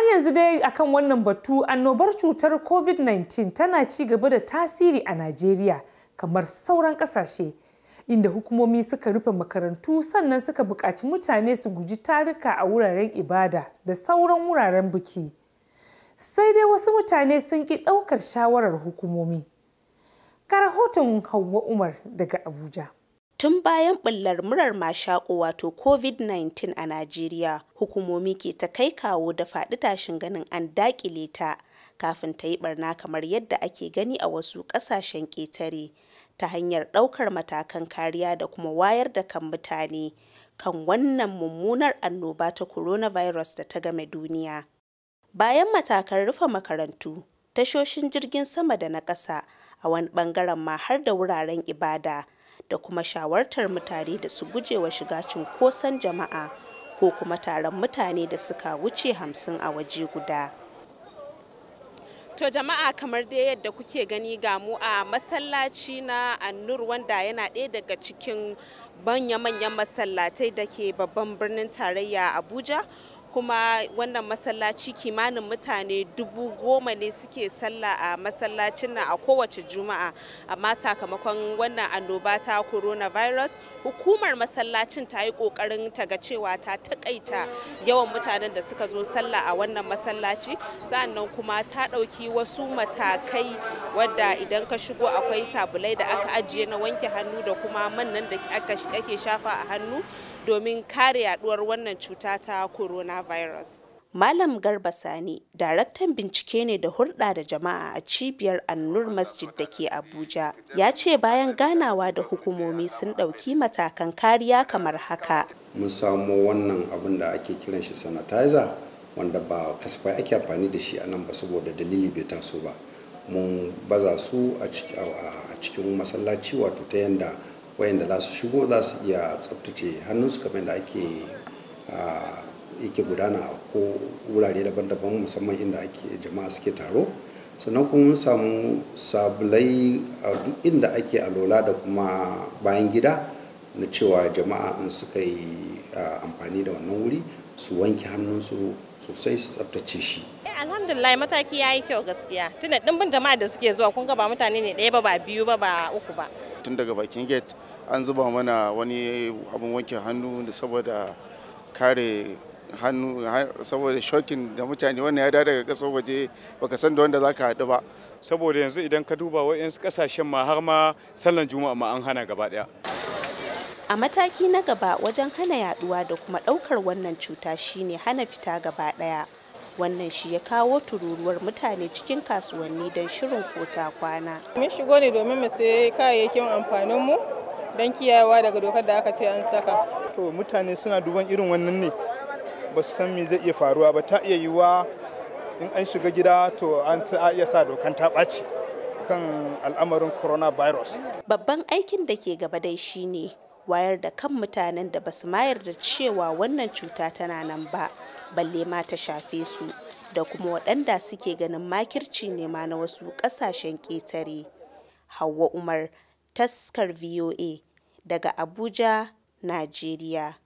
Har yanzu dai akan wannan batu annobar cutar COVID-19 tana ci gaba da tasiri a Najeriya kamar sauran ƙasashe, inda hukumomi suka rufe makarantu sannan suka buƙaci mutane su guji taruka a wuraren ibada da sauran wuraren biki. Sai dai wasu mutane sun ƙi ɗaukar shawarar hukumomi. ka rahoton Hauwa Umar daga Abuja. Tun bayan ɓullar murar mashaƙo wato COVID-19 a Najeriya, hukumomi ke ta kai kawo da faɗi tashin ganin an daƙile ta kafin ta yi ɓarna kamar yadda ake gani a wasu ƙasashen ƙetare ta hanyar ɗaukar matakan kariya da kuma wayar da kan mutane kan wannan mummunar annoba ta coronavirus da ta game duniya. Bayan matakan rufe makarantu, tashoshin jirgin sama da na ƙasa a wani ɓangaren ma har da wuraren ibada. da kuma shawartar mutane da su guje wa shiga cunkoson jama'a ko kuma taron mutane da suka wuce hamsin a waje guda. To jama'a kamar dai yadda kuke gani ga mu a masallaci na annur wanda yana ɗaya daga cikin manya-manyan masallatai da ke babban birnin tarayya Abuja kuma wannan masallaci kimanin mutane dubu goma ne suke sallah a masallacin nan a kowace juma'a amma sakamakon wannan annoba ta coronavirus hukumar masallacin ta yi kokarin ta ga cewa ta takaita yawan mutanen da suka zo sallah a wannan masallaci sannan kuma ta ɗauki wasu matakai wadda idan ka shigo akwai sabulai da aka ajiye na wanke hannu da kuma man nan da ake shafa a hannu domin kare yaduwar wannan cuta ta coronavirus. Malam Garba Sani, daraktan bincike ne da hulɗa da jama'a a cibiyar Annur Masjid da ke Abuja, ya ce bayan ganawa da hukumomi sun ɗauki matakan kariya kamar haka. Mun samo wannan abin da ake kiran shi sanitizer wanda ba kasafai ake amfani da shi a nan ba saboda dalili bai taso ba. Mun baza su a cikin masallaci wato ta yanda wayanda za su shigo za su iya tsabtace hannunsu kamar da ake yake gudana a ko wurare daban-daban musamman inda ake jama'a suke taro sannan kuma mun samu sabulai a duk inda ake alola da kuma bayan gida na cewa jama'a in suka yi amfani da wannan wuri su wanke su sosai su tsabtace shi alhamdulillah mataki ya yi kyau gaskiya tunda dimbin jama'a da suke zuwa kun ga ba mutane ne ɗaya ba ba biyu ba ba uku ba tun daga bakin gate an zuba mana wani abun wanke hannu da saboda kare hannu saboda shokin da mutane wannan ya da daga kasar waje baka san da wanda za ka haɗu ba saboda yanzu idan ka duba wa'yansu kasashen ma har ma sallan juma'a ma an hana gaba ɗaya a mataki na gaba wajen hana yaduwa da kuma ɗaukar wannan cuta shine hana fita gaba ɗaya wannan shi ya kawo tururuwar mutane cikin kasuwanni don shirin kota kwana mun shigo ne domin mu sayi kayayyakin amfanin mu don kiyayewa daga dokar da aka ce an saka to mutane suna duban irin wannan ne ba su san me zai iya faruwa ba ta iya yiwuwa in an shiga gida to an ta iya sa dokan ta ɓaci kan al'amarin coronavirus babban aikin da ke gaba dai shine wayar da kan mutanen da ba su mayar da cewa wannan cuta tana nan ba balle ma ta shafe su da kuma waɗanda suke ganin makirci ne ma na wasu ƙasashen ƙetare. Hauwa Umar, taskar VOA, daga Abuja, Najeriya.